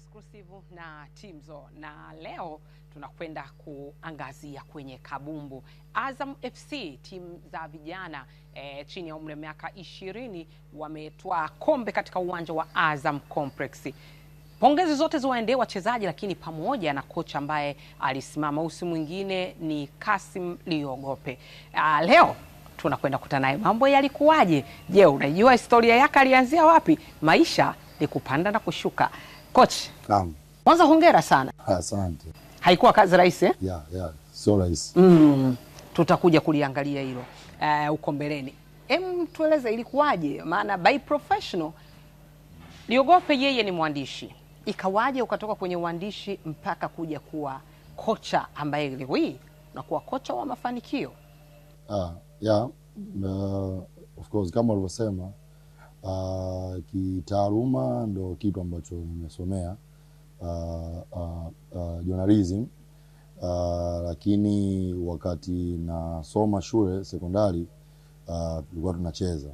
exclusive na Timzo, na leo tunakwenda kuangazia kwenye kabumbu Azam FC, timu za vijana e, chini ya umri wa miaka ishirini wametwa kombe katika uwanja wa Azam Complex. Pongezi zote ziwaendee wachezaji, lakini pamoja na kocha ambaye alisimama, usi mwingine ni Kasim Liogope. A, ah, leo tunakwenda kukutana naye. Mambo yalikuwaje? Je, unajua historia yake alianzia wapi? Maisha ni kupanda na kushuka. Kochi, naam, kwanza hongera sana. Asante. Haikuwa kazi rahisi eh? yeah, yeah. Sio rahisi mm. Tutakuja kuliangalia hilo uh, uko mbeleni. Em, tueleze ilikuwaje? Maana by professional Liogope yeye ni mwandishi, ikawaje ukatoka kwenye uandishi mpaka kuja kuwa kocha ambaye leo hii unakuwa kocha wa mafanikio? Ah, yeah, uh, of course kama ulivyosema Uh, kitaaluma ndo kitu ambacho nimesomea uh, uh, uh, uh, lakini wakati nasoma shule sekondari uh, tunacheza.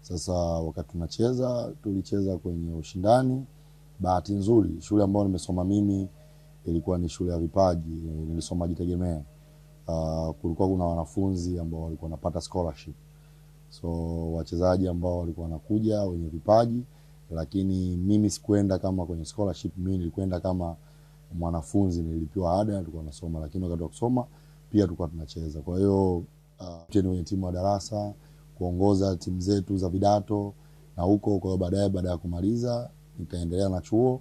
Sasa wakati tunacheza tulicheza kwenye ushindani. Bahati nzuri shule ambayo nimesoma mimi ilikuwa ni shule ya vipaji, nilisoma jitegemea. Uh, kulikuwa kuna wanafunzi ambao walikuwa wanapata scholarship so wachezaji ambao walikuwa wanakuja wenye vipaji, lakini mimi sikuenda kama kwenye scholarship. Mimi nilikwenda kama mwanafunzi, nilipewa ada, tulikuwa nasoma, lakini wakati wa kusoma pia tulikuwa tunacheza. Kwa hiyo uh, kwenye timu ya darasa kuongoza timu zetu za vidato na huko. Kwa hiyo baadaye, baada ya kumaliza nikaendelea na chuo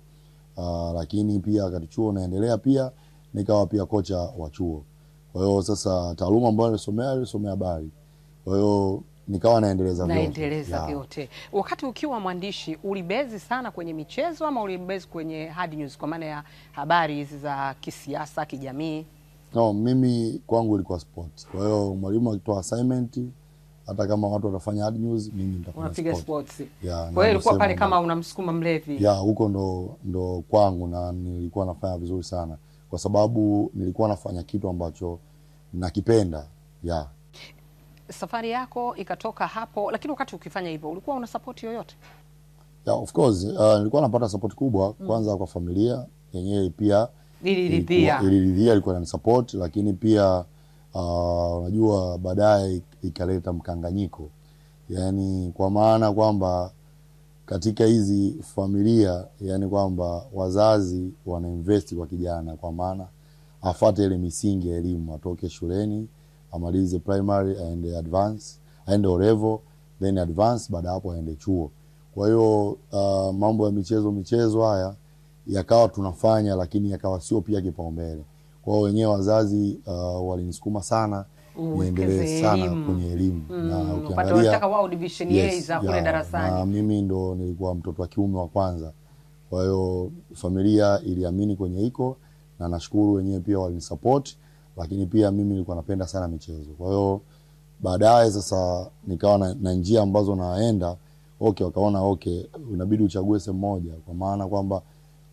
uh, lakini pia wakati chuo naendelea pia nikawa pia kocha wa chuo. Kwa hiyo sasa, taaluma ambayo nilisomea nilisomea habari, kwa hiyo nikawa naendeleza naendeleza vyote. Wakati ukiwa mwandishi ulibezi sana kwenye michezo ama ulibezi kwenye hard news kwa maana ya habari hizi za kisiasa, kijamii? No, mimi kwangu ilikuwa sport. Kwa hiyo mwalimu akitoa assignment hata kama watu watafanya hard news, mimi nitafanya sports. Sports. Yeah, kwa hiyo ilikuwa pale kama unamsukuma mlevi. Yeah, huko ndo ndo kwangu na nilikuwa nafanya vizuri sana kwa sababu nilikuwa nafanya kitu ambacho nakipenda. Yeah safari yako ikatoka hapo, lakini wakati ukifanya hivyo ulikuwa una support yoyote? Yeah, of course uh, nilikuwa napata support kubwa mm. kwanza kwa familia yenyewe pia iliridhia, ilikuwa na support, lakini pia uh, unajua uh, baadaye ikaleta mkanganyiko, yani kwa maana kwamba katika hizi familia yani kwamba wazazi invest kwa kijana, kwa maana afate ile misingi ya elimu, atoke shuleni amalize primary aende advance, aende orevo then advance, baada hapo aende chuo. Kwa hiyo uh, mambo ya michezo michezo haya yakawa tunafanya, lakini yakawa sio pia kipaumbele. Kwa hiyo wenyewe wazazi uh, walinisukuma sana niendelee sana kwenye elimu mm, na ukiangalia yes, mimi ndo nilikuwa mtoto wa kiume wa kwanza, kwa hiyo familia iliamini kwenye hiko, na nashukuru wenyewe pia walinisupport lakini pia mimi nilikuwa napenda sana michezo. Kwa hiyo baadaye sasa nikawa na, na njia ambazo naenda okay, wakaona okay, inabidi uchague sehemu moja, kwa maana kwamba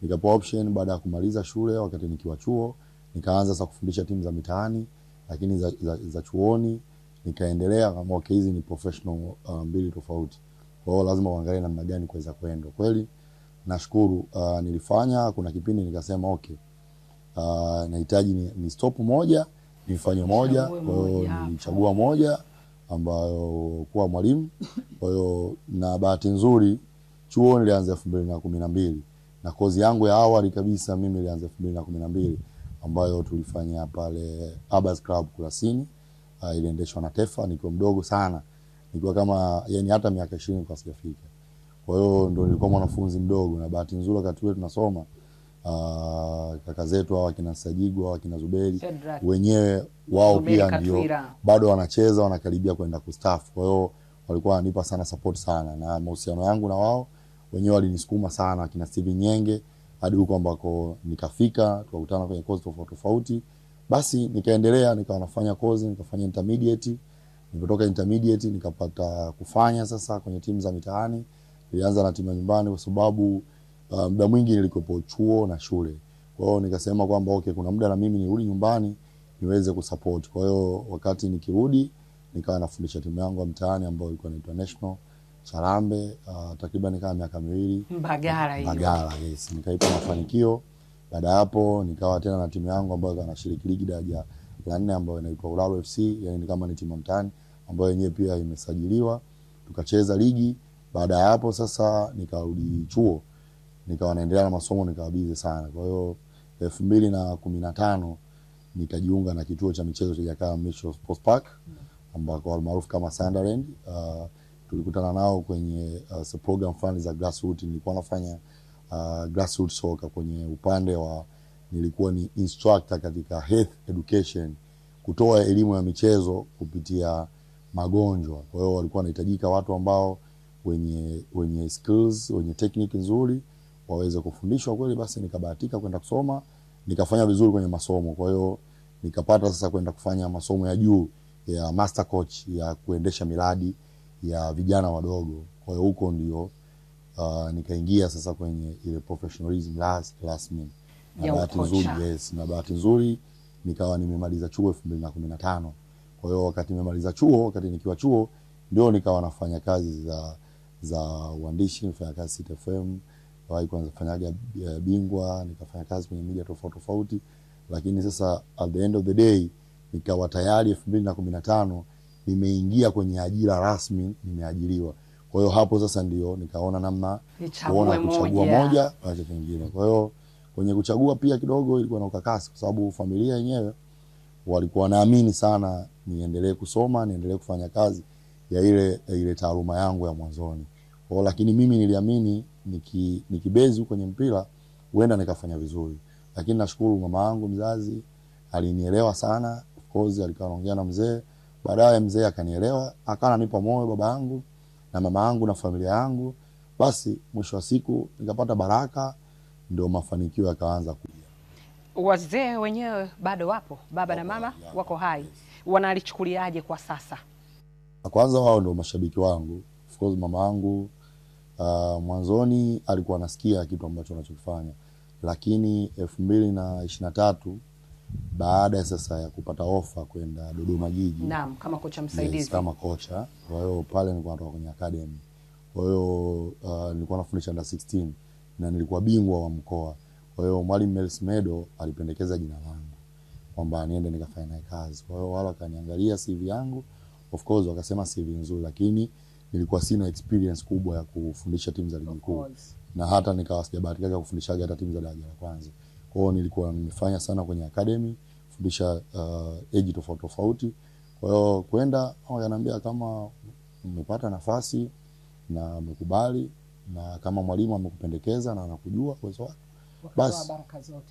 nikapewa option baada ya kumaliza shule, wakati nikiwa chuo nikaanza sasa kufundisha timu za mitaani, lakini za, za, za chuoni nikaendelea kama okay, hizi ni professional uh, mbili um, tofauti. Kwa hiyo lazima uangalie namna gani kuweza kwenda. Kweli nashukuru uh, nilifanya kuna kipindi nikasema okay uh, nahitaji ni, ni stop moja ni mfanyo moja, kwa hiyo nilichagua moja ambayo kuwa mwalimu. Kwa hiyo na bahati nzuri chuo nilianza elfu mbili na kumi na mbili na kozi yangu ya awali kabisa mimi nilianza elfu mbili na kumi na mbili ambayo tulifanya pale Abas Club Kurasini. Uh, iliendeshwa na Tefa nikiwa mdogo sana, nikiwa kama yani hata miaka ishirini kwa sijafika. Kwa hiyo ndo nilikuwa mwanafunzi mdogo, na bahati nzuri wakati ule tunasoma uh, kaka zetu hawa kina Sajigwa hawa kina Zuberi wenyewe wao pia ndio bado wanacheza wanakaribia kwenda kustaafu, kwa hiyo walikuwa wananipa sana support sana, na mahusiano yangu na wao wenyewe walinisukuma sana, kina Steven Nyenge hadi huko ambako nikafika, tukakutana kwenye kozi tofauti tofauti, basi nikaendelea nikawa nafanya kozi, nikafanya intermediate. Nilipotoka intermediate nikapata kufanya sasa kwenye timu za mitaani, nilianza na timu ya nyumbani kwa sababu Ah, muda um, mwingi nilikopo chuo na shule. Kwa hiyo nikasema kwamba okay, kuna muda na mimi nirudi nyumbani niweze kusupport. Kwa hiyo wakati nikirudi nikawa nafundisha timu yangu ya mtaani ambayo ilikuwa inaitwa National Charambe uh, ah, takriban kama miaka miwili Mbagala hiyo. Mbagala, yes, nikaipa mafanikio. Baada hapo nikawa tena na timu yangu ambayo ilikuwa inashiriki ligi daraja la nne ambayo inaitwa Ulalo FC, yani ni kama ni timu mtaani ambayo yenyewe pia imesajiliwa, tukacheza ligi. Baada ya hapo sasa nikarudi chuo nikawa naendelea na masomo nikawa bize sana. Kwa hiyo elfu mbili na kumi na tano nikajiunga na kituo cha michezo cha Jakaya Mrisho Sports Park ambako almaarufu kama Sunderland. Uh, tulikutana nao kwenye uh, program fulani za grassroots. Nilikuwa nafanya uh, grassroots soka kwenye upande wa, nilikuwa ni instructor katika health education, kutoa elimu ya michezo kupitia magonjwa. Kwa hiyo walikuwa wanahitajika watu ambao wenye, wenye skills wenye tekniki nzuri waweze kufundishwa kweli. Basi nikabahatika kwenda kusoma, nikafanya vizuri kwenye masomo, kwa hiyo nikapata sasa kwenda kufanya masomo ya juu ya master coach ya kuendesha miradi ya vijana wadogo. Kwa hiyo huko ndio uh, nikaingia sasa kwenye ile professionalism last last rasmi, na bahati nzuri yes, na bahati nzuri nikawa nimemaliza chuo 2015. Kwa hiyo wakati nimemaliza chuo, wakati nikiwa chuo ndio nikawa nafanya kazi za za uandishi, nafanya kazi City FM Wahi kwanza fanyaga eh, bingwa, nikafanya kazi kwenye media tofauti tofauti, lakini sasa at the end of the day nikawa tayari elfu mbili na kumi na tano nimeingia kwenye ajira rasmi, nimeajiriwa. Kwa hiyo hapo sasa ndio nikaona namna kuona kuchagua moja acha kingine. Kwa hiyo kwenye kuchagua pia kidogo ilikuwa na ukakasi, kwa sababu familia yenyewe walikuwa naamini sana niendelee kusoma, niendelee kufanya kazi ya ile ile taaluma yangu ya mwanzoni. Kwa lakini mimi niliamini niki nikibezi kwenye mpira huenda nikafanya vizuri, lakini nashukuru mama yangu mzazi alinielewa sana. Of course alikuwa anaongea na mzee, baadaye mzee akanielewa, akawa ananipa moyo baba yangu na mama yangu na familia yangu. Basi mwisho wa siku nikapata baraka, ndio mafanikio yakaanza kuja. Wazee wenyewe bado wapo, baba na mama ya, wako hai yes. Wanalichukuliaje kwa sasa? Kwanza wao ndio mashabiki wangu, of course mama yangu Ah, mwanzoni alikuwa anasikia kitu ambacho anachokifanya, lakini elfu mbili na ishirini na tatu baada ya sasa ya kupata ofa kwenda Dodoma Jiji, kama kocha msaidizi, yes, kama kocha. Kwa hiyo pale nilikuwa natoka kwenye academy, kwa hiyo uh, nilikuwa nafundisha under 16 na nilikuwa bingwa wa mkoa. Kwa hiyo mwalimu Mels Medo alipendekeza jina langu kwamba niende nikafanya naye kazi. Kwa hiyo wala wakaniangalia CV yangu, of course wakasema CV nzuri, lakini nilikuwa sina experience kubwa ya kufundisha timu za ligi kuu, na hata nikawa sijabahatika kufundisha hata timu za daraja la kwanza. Kwa hiyo nilikuwa nimefanya sana kwenye academy kufundisha uh, age tofauti tofauti. Kwa hiyo kwenda ananiambia kama umepata nafasi na umekubali na kama mwalimu amekupendekeza na anakujua uwezo wako, basi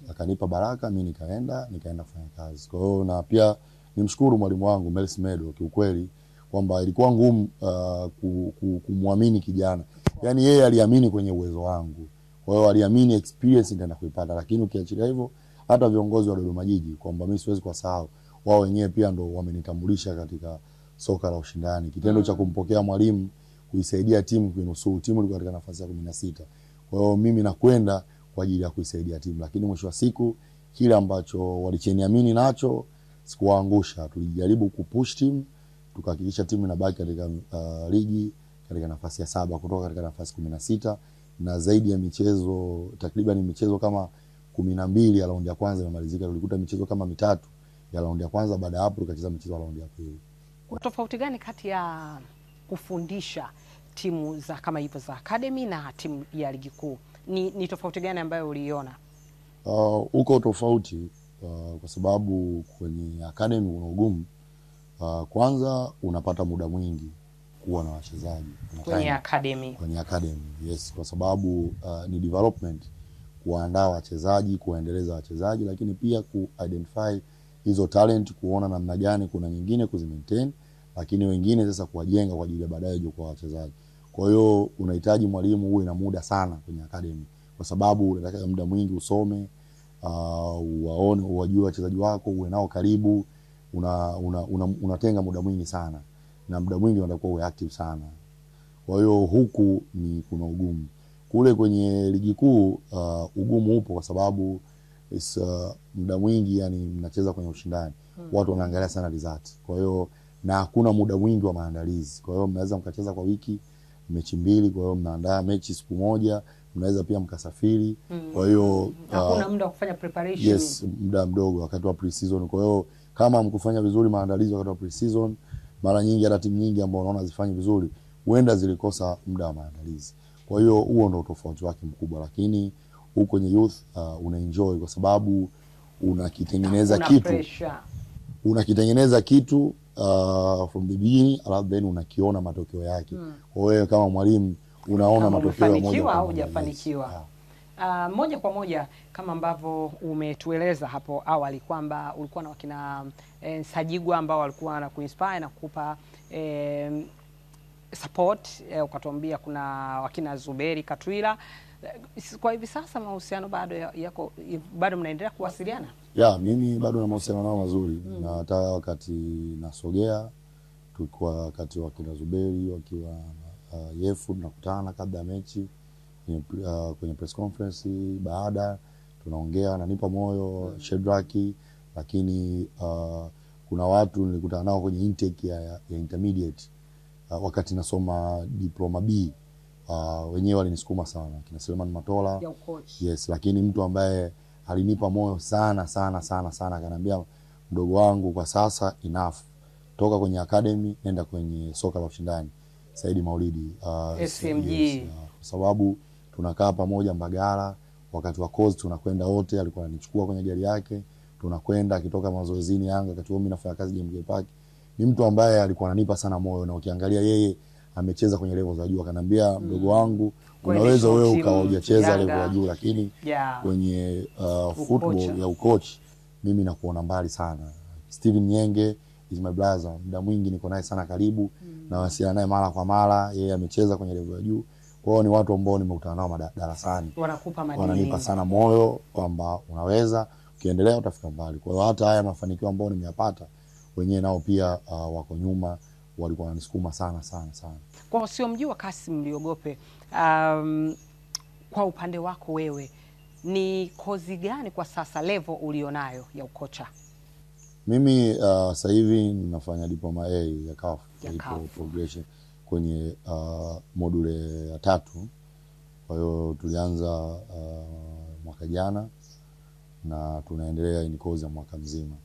akanipa baraka, mi nikaenda nikaenda kufanya kazi. Kwa hiyo na pia nimshukuru mwalimu wangu Melis Medo kiukweli kwamba ilikuwa ngumu uh, kumwamini kijana. Yani yeye aliamini kwenye uwezo wangu, kwa aliamini experience ndio kuipata Lakini ukiachilia hivyo, hata viongozi wa Dodoma Jiji kwamba mi siwezi kwa sahau wao wenyewe pia ndo wamenitambulisha katika soka la ushindani. Kitendo cha kumpokea mwalimu kuisaidia timu kuinusuru timu, ilikuwa katika nafasi ya kumi na sita. Kwa mimi nakwenda kwa ajili ya kuisaidia timu, lakini mwisho wa siku kile ambacho walicheniamini nacho sikuwaangusha. Tulijaribu kupush timu tukahakikisha timu inabaki katika uh, ligi katika nafasi ya saba kutoka katika nafasi kumi na sita na zaidi ya michezo takriban michezo kama kumi na mbili ya raundi ya kwanza imemalizika. Tulikuta michezo kama mitatu ya raundi ya kwanza, baada ya hapo tukacheza michezo ya raundi ya pili. Tofauti gani kati ya kufundisha timu za kama hivyo za academy na timu ya ligi kuu? Ni, ni tofauti gani ambayo uliiona? Uh, uko tofauti uh, kwa sababu kwenye academy kuna ugumu Uh, kwanza unapata muda mwingi kuwa na wachezaji kwenye academy. Kwenye academy. Yes, kwa sababu uh, ni development kuwaandaa wachezaji, kuwaendeleza wachezaji, lakini pia identify hizo talent, kuona namna gani kuna nyingine maintain, lakini wengine sasa kuwajenga kwa ajili ya baadaye kwa wachezaji. Kwa hiyo unahitaji mwalimu huwe na muda sana kwenye academy, kwa sababu unataka muda mwingi usome, uh, uwaone, uwajue wachezaji wako, uwe nao karibu unatenga una, una, una muda mwingi sana na muda mwingi unatakiwa uwe active sana. Kwa hiyo huku ni kuna ugumu. Kule kwenye ligi kuu uh, ugumu upo kwa sababu is, uh, muda mwingi yani mnacheza kwenye ushindani hmm. Watu wanaangalia sana result, kwa hiyo na hakuna muda mwingi wa maandalizi. Kwa hiyo mnaweza mkacheza kwa wiki mechi mbili, kwa hiyo mnaandaa mechi siku moja, mnaweza pia mkasafiri. Hmm. Kwa hiyo hakuna uh, muda wa kufanya preparation, yes, muda mdogo wakati wa pre-season, kwa hiyo kama mkufanya vizuri maandalizi wakati wa pre-season, mara nyingi hata timu nyingi ambao unaona zifanye vizuri huenda zilikosa muda wa maandalizi. Kwa hiyo huo ndio tofauti wake mkubwa, lakini huko kwenye youth uh, unaenjoy kwa sababu unakitengeneza una kitu unakitengeneza kitu uh, from the beginning alafu then unakiona matokeo yake. Hmm. Kwa hiyo wewe kama mwalimu unaona matokeo moja kwa moja, hujafanikiwa Uh, moja kwa moja kama ambavyo umetueleza hapo awali kwamba ulikuwa na wakina eh, Sajigwa ambao walikuwa na kuinspire na kukupa eh, support eh, ukatuambia kuna wakina Zuberi Katwila. Eh, kwa hivi sasa mahusiano bado yako bado mnaendelea kuwasiliana? Ya, mimi bado na mahusiano nao mazuri hmm. na hata wakati nasogea tulikuwa wakati wakina Zuberi wakiwa uh, Yefu tunakutana kabla ya mechi kwenye, uh, kwenye press conference baada tunaongea, nanipa moyo mm. Shedraki, lakini uh, kuna watu nilikutana nao kwenye intake ya, ya intermediate uh, wakati nasoma diploma B uh, wenyewe walinisukuma sana kina Suleiman Matola yes, lakini mtu ambaye alinipa moyo sana sana sana sana akaniambia, mdogo wangu, kwa sasa enough, toka kwenye academy nenda kwenye soka la ushindani. Saidi Maulidi uh, SMG uh, kwa sababu tunakaa pamoja Mbagala. Wakati wa kozi tunakwenda wote, alikuwa ananichukua kwenye gari yake, tunakwenda akitoka mazoezini Yanga, wakati mimi nafanya kazi JMK Park. Ni mtu ambaye alikuwa ananipa sana moyo, na ukiangalia yeye amecheza kwenye level za juu, akanambia mm. mdogo wangu unaweza wewe ukawa hujacheza level ya juu, lakini yeah. kwenye uh, football ya ukochi mimi nakuona mbali sana. Steven Nyenge is my brother, muda mwingi niko naye sana karibu mm. nawasiliana naye mara kwa mara, yeye amecheza kwenye level ya juu kwa hiyo ni watu ambao nimekutana nao darasani, wananipa sana moyo kwamba unaweza ukiendelea utafika mbali. Kwa hiyo hata haya mafanikio ambayo nimeyapata wenyewe nao pia uh, wako nyuma, walikuwa wananisukuma sana sana sana. Kwa wasiomjua Kassim Liogope, um, kwa upande wako wewe ni kozi gani kwa sasa level ulionayo ya ukocha? Mimi uh, sasa hivi ninafanya diploma A ya ya CAF. progression kwenye uh, module ya tatu. Kwa hiyo tulianza uh, mwaka jana na tunaendelea in course ya mwaka mzima.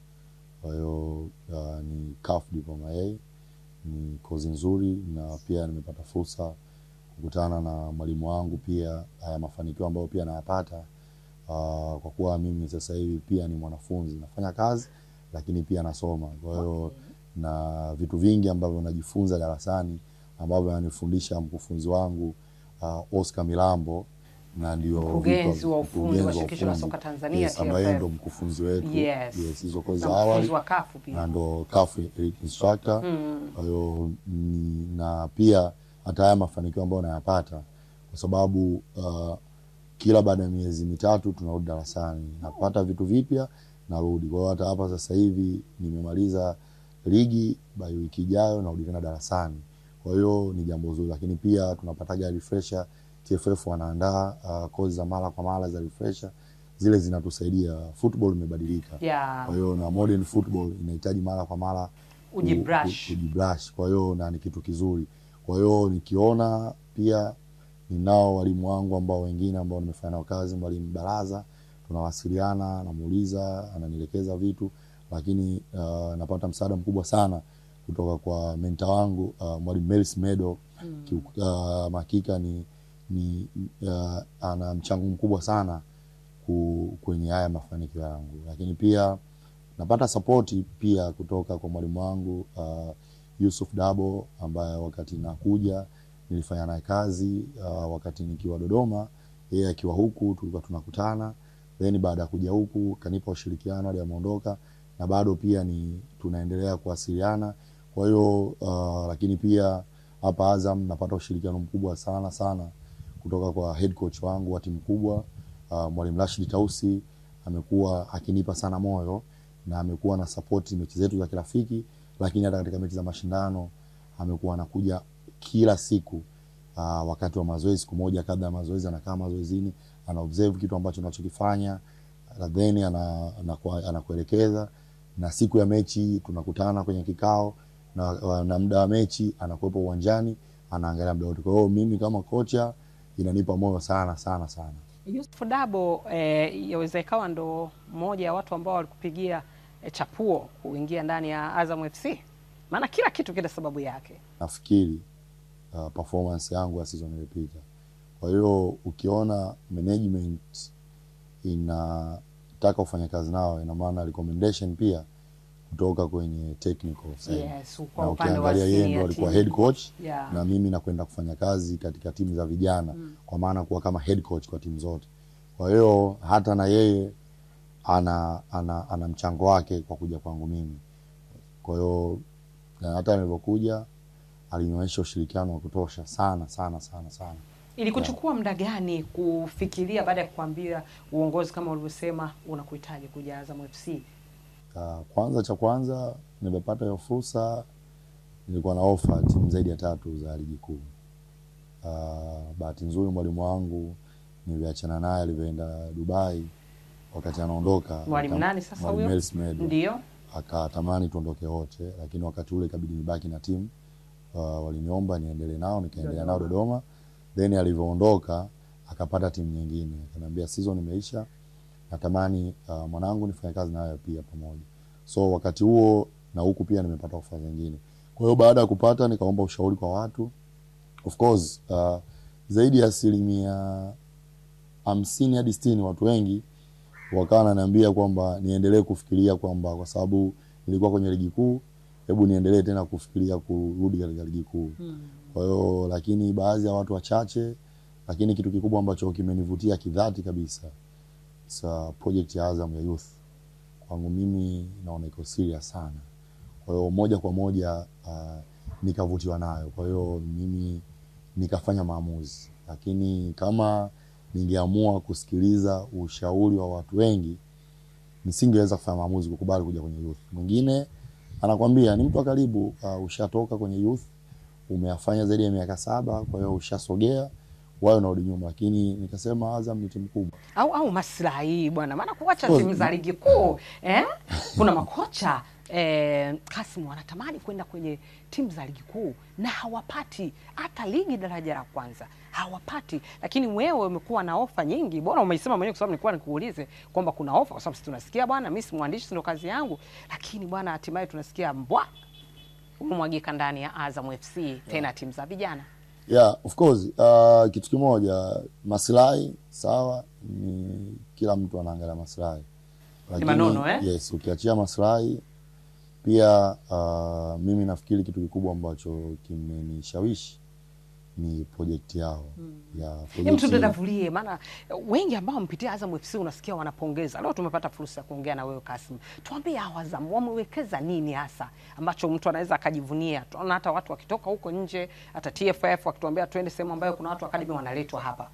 Kwa hiyo uh, ni CAF Diploma A ni kozi nzuri, na pia nimepata fursa kukutana na mwalimu wangu pia, haya mafanikio ambayo pia nayapata uh, kwa kuwa mimi sasa hivi pia ni mwanafunzi, nafanya kazi lakini pia nasoma, kwa hiyo okay. na vitu vingi ambavyo najifunza darasani ambavyo ananifundisha mkufunzi wangu uh, Oscar Milambo na ndio mkurugenzi wa ufundi wa shirikisho la soka Tanzania yes, ndio mkufunzi wetu yes, yes hizo kozi za awali na ndo kafu instructor. Hmm. Kwa hiyo mm, na pia hata haya mafanikio ambayo nayapata kwa sababu uh, kila baada ya miezi mitatu tunarudi darasani, napata vitu vipya, narudi. Kwa hiyo hata hapa sasa hivi nimemaliza ligi, bai wiki ijayo narudi tena darasani. Kwa hiyo ni jambo zuri, lakini pia tunapataja refresher. TFF wanaandaa uh, kozi za mara kwa mara za refresher zile zinatusaidia. Football imebadilika yeah. Kwa hiyo na modern football inahitaji mara kwa mara ujibrush, ujibrush. Kwa hiyo na ni kitu kizuri. Kwa hiyo nikiona pia ninao walimu wangu ambao wengine ambao nimefanya nao kazi, mwalimu Baraza, tunawasiliana, namuuliza, ananielekeza vitu, lakini uh, napata msaada mkubwa sana kutoka kwa menta wangu uh, mwalimu mels Medo mm. Uh, makika ni, ni uh, ana mchango mkubwa sana kwenye haya mafanikio yangu, lakini pia napata sapoti pia kutoka kwa mwalimu wangu uh, Yusuf Dabo ambaye wakati nakuja nilifanya naye kazi uh, wakati nikiwa Dodoma, yeye akiwa huku tulikuwa tunakutana, then baada ya kuja huku kanipa ushirikiano hadi ameondoka, na bado pia ni tunaendelea kuwasiliana. Kwa hiyo uh, lakini pia hapa Azam napata ushirikiano mkubwa sana sana kutoka kwa head coach wangu wa timu kubwa uh, Mwalimu Rashid Tausi amekuwa akinipa sana moyo na amekuwa na support mechi zetu za kirafiki, lakini hata katika mechi za mashindano amekuwa anakuja kila siku uh, wakati wa mazoezi, siku moja kabla ya mazoezi anakaa mazoezini, ana observe kitu ambacho tunachokifanya, then anakuelekeza ana, ana, ana, na siku ya mechi tunakutana kwenye kikao na, na muda wa mechi anakuwepo uwanjani anaangalia muda wote. Kwa hiyo mimi kama kocha inanipa moyo sana sana sana. Yusuf Dabo eh, yaweza ikawa ndo mmoja ya watu ambao walikupigia eh, chapuo kuingia ndani ya Azam FC, maana kila kitu kina sababu yake. Nafikiri uh, performance yangu ya season iliyopita. Kwa hiyo ukiona management inataka ufanya kazi nao, ina maana recommendation pia kutoka kwenye technical yes, na ukiangalia yeye ndo alikuwa head coach yeah. na mimi nakwenda kufanya kazi katika timu za vijana mm. kwa maana kuwa kama head coach kwa timu zote. Kwa hiyo hata na yeye ana, ana, ana mchango wake kwa kuja kwangu mimi. Kwa hiyo hata nilipokuja alinyoesha ushirikiano wa kutosha sana sana sana sana. Ilikuchukua muda gani kufikiria baada ya kukwambia uongozi kama ulivyosema unakuhitaji kuja Azam FC? Kwanza cha kwanza nimepata hiyo fursa, nilikuwa na ofa timu zaidi ya tatu za ligi kuu. Uh, Bahati nzuri mwalimu wangu niliachana naye alivyoenda Dubai, wakati anaondoka mwalimu nani sasa huyo, ndio akatamani tuondoke wote, lakini wakati ule kabidi nibaki na timu. Uh, waliniomba niendelee nao, nikaendelea nao Dodoma. Then alivyoondoka akapata timu nyingine, akaniambia season imeisha natamani uh, mwanangu nifanye kazi na wewe pia pamoja. So wakati huo na huku pia nimepata ofa nyingine. Kwa hiyo baada ya kupata nikaomba ushauri kwa watu. Of course uh, zaidi ya asilimia hamsini hadi sitini watu wengi wakawa wananiambia kwamba niendelee kufikiria kwamba kwa sababu nilikuwa kwenye ligi kuu, hebu niendelee tena kufikiria kurudi katika ligi kuu. Hmm. Kwa hiyo lakini baadhi ya watu wachache, lakini kitu kikubwa ambacho kimenivutia kidhati kabisa a project ya Azam ya youth kwangu mimi naona iko serious sana, kwa hiyo moja kwa moja uh, nikavutiwa nayo, kwa hiyo mimi nikafanya maamuzi, lakini kama ningeamua kusikiliza ushauri wa watu wengi nisingeweza kufanya maamuzi kukubali kuja kwenye youth. Mwingine anakwambia ni mtu wa karibu uh, ushatoka kwenye youth, umeyafanya zaidi ya miaka saba, kwa hiyo ushasogea wao narudi nyuma, lakini nikasema Azam ni timu kubwa au au maslahi bwana, maana kuacha timu za ligi kuu eh? kuna makocha eh, Kasimu wanatamani kwenda kwenye timu za ligi kuu na hawapati, hata ligi daraja la kwanza hawapati. Lakini wewe umekuwa na ofa nyingi, bora umeisema mwenyewe, kwa sababu nilikuwa nikuulize kwamba kuna ofa, kwa sababu tunasikia bwana, mimi si mwandishi, ndio kazi yangu, lakini bwana, hatimaye tunasikia mbwa umemwagika ndani ya Azam FC tena yeah. timu za vijana Yeah, of course. Uh, kitu kimoja maslahi sawa, ni kila mtu anaangalia maslahi lakini manono, eh? Yes, ukiachia maslahi pia uh, mimi nafikiri kitu kikubwa ambacho kimenishawishi ni project yao mm. ya mtu tudavulie, maana wengi ambao mpitia Azam FC unasikia wanapongeza. Leo tumepata fursa ya kuongea na wewe Kasim, tuambie hawa Azam wamewekeza nini hasa ambacho mtu anaweza akajivunia? Tunaona hata watu wakitoka huko nje, hata TFF wakituambia twende sehemu ambayo kuna watu akademi wanaletwa hapa.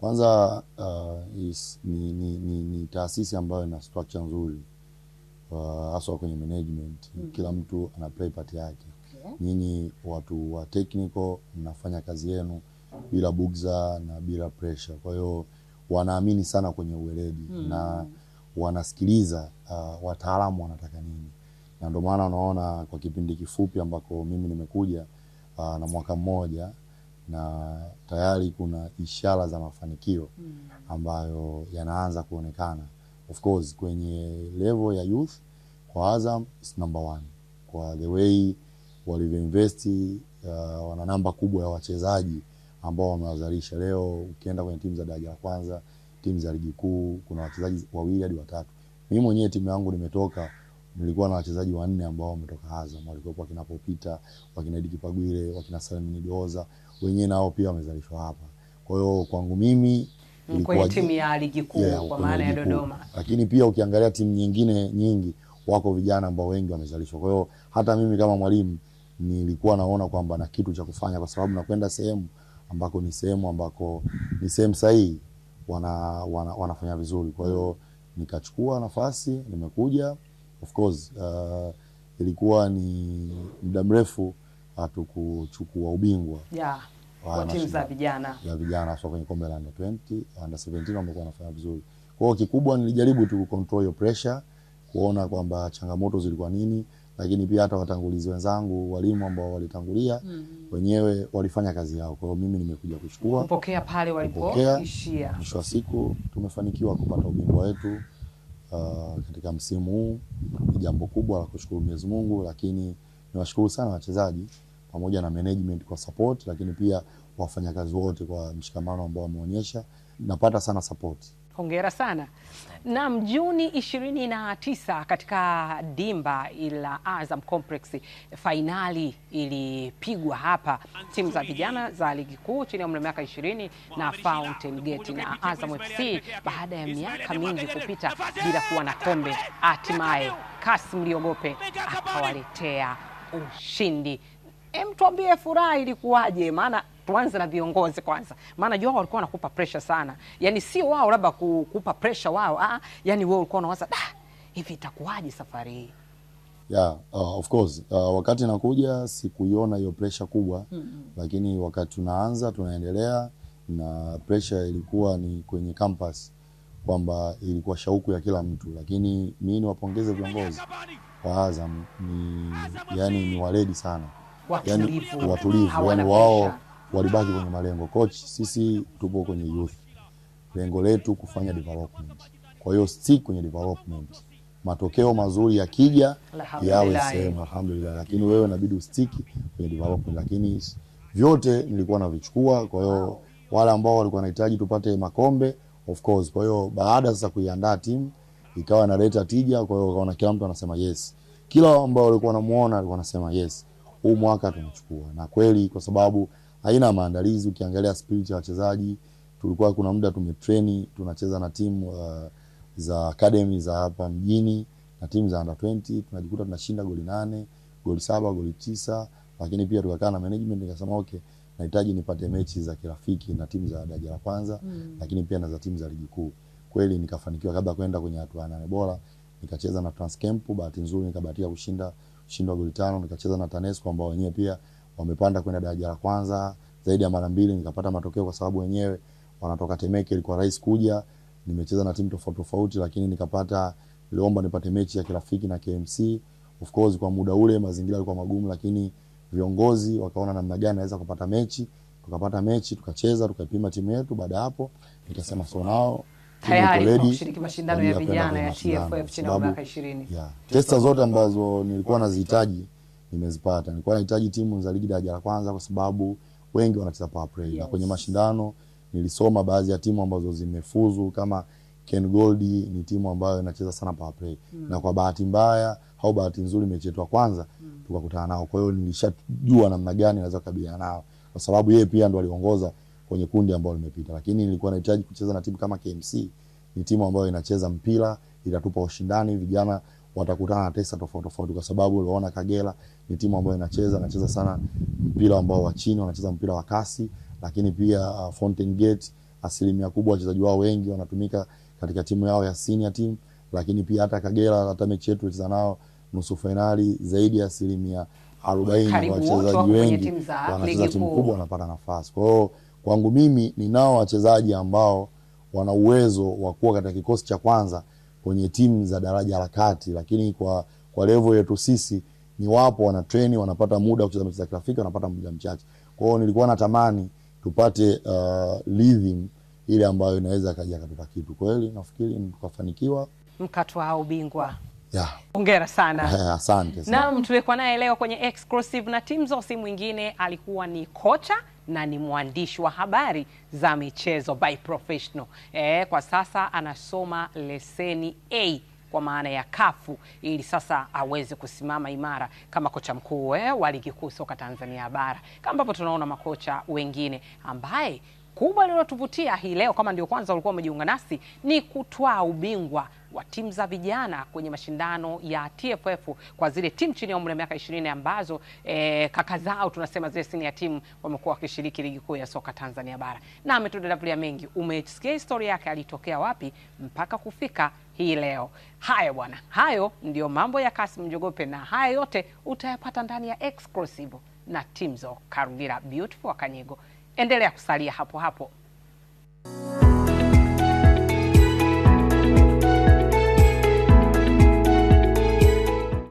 Kwanza uh, is, ni, ni, ni, ni taasisi ambayo ina structure nzuri uh, haswa uh, kwenye management mm. Kila mtu ana play part yake nyinyi watu wa technical mnafanya kazi yenu bila bugza na bila pressure. Kwa hiyo wanaamini sana kwenye uweledi hmm. na wanasikiliza uh, wataalamu wanataka nini, na ndio maana unaona kwa kipindi kifupi ambako mimi nimekuja uh, na mwaka mmoja na tayari kuna ishara za mafanikio hmm. ambayo yanaanza kuonekana. Of course kwenye level ya youth kwa Azam is number one, kwa the way walivyoinvesti uh, wana namba kubwa ya wachezaji ambao wamewazalisha. Leo ukienda kwenye timu za daraja la kwanza, timu za ligi kuu, kuna wachezaji wawili hadi watatu. Mimi mwenyewe timu yangu nimetoka, nilikuwa na wachezaji wanne ambao wametoka Azam, walikuwa wakina Popita, wakina Diki Kipagwile, wakina Salim Dioza, wenyewe nao pia wamezalishwa hapa. Kwa hiyo kwangu mimi ilikuwa timu ya ligi kuu yeah, kwa maana ya Dodoma. Lakini pia ukiangalia timu nyingine nyingi wako vijana ambao wengi wamezalishwa. Kwa hiyo hata mimi kama mwalimu nilikuwa naona kwamba na kitu cha kufanya, kwa sababu nakwenda sehemu ambako ni sehemu ambako ni sehemu sahihi, wana, wana, wanafanya vizuri. Kwa hiyo nikachukua nafasi, nimekuja of course uh, ilikuwa ni muda mrefu hatukuchukua ubingwa yeah, kwa timu za vijana ya vijana so kwenye kombe la under 20 under 17 wamekuwa wanafanya vizuri. Kwa hiyo kikubwa nilijaribu tu kucontrol pressure, kuona kwamba changamoto zilikuwa nini lakini pia hata watangulizi wenzangu walimu ambao walitangulia mm. wenyewe walifanya kazi yao. Kwa hiyo mimi nimekuja kuchukua kupokea pale walipoishia. Mwisho wa siku tumefanikiwa kupata ubingwa wetu uh, katika msimu huu. Ni jambo kubwa la kushukuru Mwenyezi Mungu, lakini niwashukuru sana wachezaji pamoja na management kwa support, lakini pia wafanyakazi wote kwa mshikamano ambao wameonyesha. Napata sana support Hongera sana. Naam, Juni 29 katika dimba la Azam Complex fainali ilipigwa hapa, timu za vijana za ligi kuu chini ya umri wa miaka 20 na Fountain Gate na Azam FC baada ya miaka mingi kupita bila kuwa na kombe, hatimaye Kasim Liogope akawaletea ushindi. Em, tuambie furaha ilikuwaje? Maana tuanze na viongozi kwanza, maana jua walikuwa wanakupa pressure sana, yani sio wao labda kukupa pressure wao ah, yani wewe ulikuwa unawaza da, hivi itakuwaje safari hii? Yeah, uh, of course uh, wakati nakuja sikuiona hiyo pressure kubwa mm -hmm. Lakini wakati tunaanza tunaendelea na pressure ilikuwa ni kwenye campus kwamba ilikuwa shauku ya kila mtu, lakini mimi niwapongeze viongozi wa Azam ni yani ni waledi sana, watulivu yani yaani wao walibaki kwenye malengo. Coach, sisi tupo kwenye youth, lengo letu kufanya development. Kwa hiyo stick kwenye development, matokeo mazuri yakija yawe sehemu, alhamdulillah, lakini wewe inabidi ustiki kwenye development, lakini vyote nilikuwa navichukua. Kwa hiyo wale ambao walikuwa wanahitaji tupate makombe of course. Kwa hiyo baada sasa kuiandaa timu ikawa inaleta tija, kwa hiyo kaona kila mtu anasema yes, kila ambao walikuwa wanamuona walikuwa wanasema yes, huu mwaka tunachukua, na kweli kwa sababu haina maandalizi. Ukiangalia spirit ya wachezaji, tulikuwa kuna muda tumetrain tunacheza na timu uh, za academy za hapa mjini na timu za under 20 tunajikuta tunashinda goli nane goli saba goli tisa, lakini pia tukakaa na management nikasema okay, nahitaji nipate mechi za kirafiki na timu za daraja la kwanza mm. lakini pia na za timu za ligi kuu. Kweli nikafanikiwa kabla kwenda kwenye hatua ya nane bora, nikacheza na Transcamp, bahati nzuri nikabahatika kushinda ushindi wa goli tano, nikacheza na Tanesco ambao wenyewe pia wamepanda kwenda daraja la kwanza zaidi ya mara mbili, nikapata matokeo kwa sababu wenyewe wanatoka Temeke, ilikuwa rahisi kuja. Nimecheza na timu tofauti tofauti, lakini nikapata niliomba nipate mechi ya kirafiki na KMC. Of course kwa muda ule mazingira yalikuwa magumu, lakini viongozi wakaona namna gani naweza kupata mechi, tukapata mechi tukacheza, tukaipima timu yetu. Baada hapo nikasema so nao tayari kushiriki mashindano ya vijana ya TFF chini ya miaka 20. Testa zote ambazo nilikuwa nazihitaji nimezipata. Nilikuwa nahitaji timu za ligi daraja la kwanza kwa sababu wengi wanacheza power play. Yes. Na kwenye mashindano nilisoma baadhi ya timu ambazo zimefuzu kama Ken Gold ni timu ambayo inacheza sana power play. Mm. Na kwa bahati mbaya au bahati nzuri mechi yetu ya kwanza mm. tukakutana nao. Kwa hiyo nilishajua namna gani naweza kukabiliana nao kwa sababu yeye pia ndo aliongoza kwenye kundi ambalo limepita, lakini nilikuwa nahitaji kucheza na timu kama KMC. Ni timu ambayo inacheza mpira, inatupa ushindani, vijana watakutana na tesa tofauti tofauti, kwa sababu uliona Kagera ni timu ambayo inacheza inacheza sana mpira ambao wa chini, wanacheza mpira wa kasi, lakini pia uh, Fountain Gate asilimia kubwa wachezaji wao wengi wanatumika katika timu yao ya senior team, lakini pia hata Kagera, hata mechi yetu tulicheza nao nusu fainali, zaidi ya asilimia arobaini wachezaji wengi wanacheza timu kubwa wanapata nafasi. Kwa hiyo kwangu mimi ninao wachezaji ambao wana uwezo wa kuwa katika kikosi cha kwanza kwenye timu za daraja la kati, lakini kwa, kwa level yetu sisi ni wapo wana train wanapata muda kucheza mechi za kirafiki wanapata muda mchache. Kwa hiyo nilikuwa natamani tupate uh, rhythm ile ambayo inaweza kaja katupa kitu kweli, nafikiri tukafanikiwa mkatwaa ubingwa. Yeah. Hongera sana. Asante sana. Naam, tumekuwa naye leo kwenye exclusive na Timzoo, si mwingine alikuwa ni kocha na ni mwandishi wa habari za michezo by professional. E, kwa sasa anasoma leseni A kwa maana ya kafu ili sasa aweze kusimama imara kama kocha mkuu eh, wa ligi kuu soka Tanzania bara, kama ambapo tunaona makocha wengine ambaye kubwa lililotuvutia hii leo, kama ndio kwanza ulikuwa umejiunga nasi, ni kutwaa ubingwa wa timu za vijana kwenye mashindano ya TFF kwa zile timu chini ya umri wa miaka 20 ambazo e, kaka zao tunasema zile senior timu wamekuwa wakishiriki ligi kuu ya soka Tanzania bara, na ametudavulia mengi. Umesikia historia yake, alitokea wapi mpaka kufika hii leo. Haya bwana, hayo ndio mambo ya Kasim Njogope, na haya yote utayapata ndani ya exclusive na Timzo Karugira Beautiful Kanyego. Endelea kusalia hapo hapo.